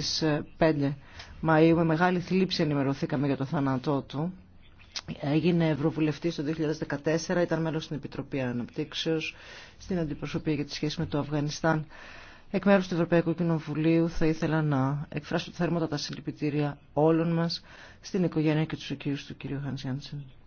στις 5 ε, Μαΐου με μεγάλη θλίψη ενημερωθήκαμε για το θάνατό του. Έγινε Ευρωβουλευτής το 2014, ήταν μέλος στην Επιτροπή Αναπτύξεως, στην Αντιπροσωπεία για τη σχέση με το Αφγανιστάν. Εκ μέρους του Ευρωπαϊκού Κοινοβουλίου θα ήθελα να εκφράσω θερμότατα συλληπιτήρια όλων μας στην οικογένεια και τους οικείους του κ. Χανσιάντσεν.